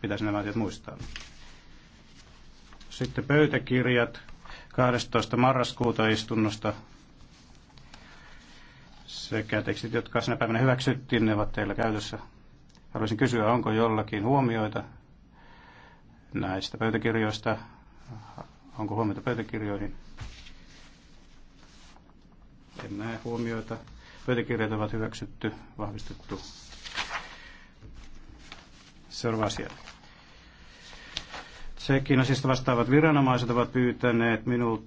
Pitäisi nämä asiat muistaa. Sitten pöytäkirjat 12. marraskuuta istunnosta sekä tekstit, jotka sinä päivänä hyväksyttiin, ne ovat teillä käytössä. Haluaisin kysyä, onko jollakin huomioita näistä pöytäkirjoista? Onko huomioita pöytäkirjoihin? En näe huomioita. Pöytäkirjat ovat hyväksytty, vahvistettu Seuraava asia. Tsekin asiasta vastaavat viranomaiset ovat pyytäneet minulta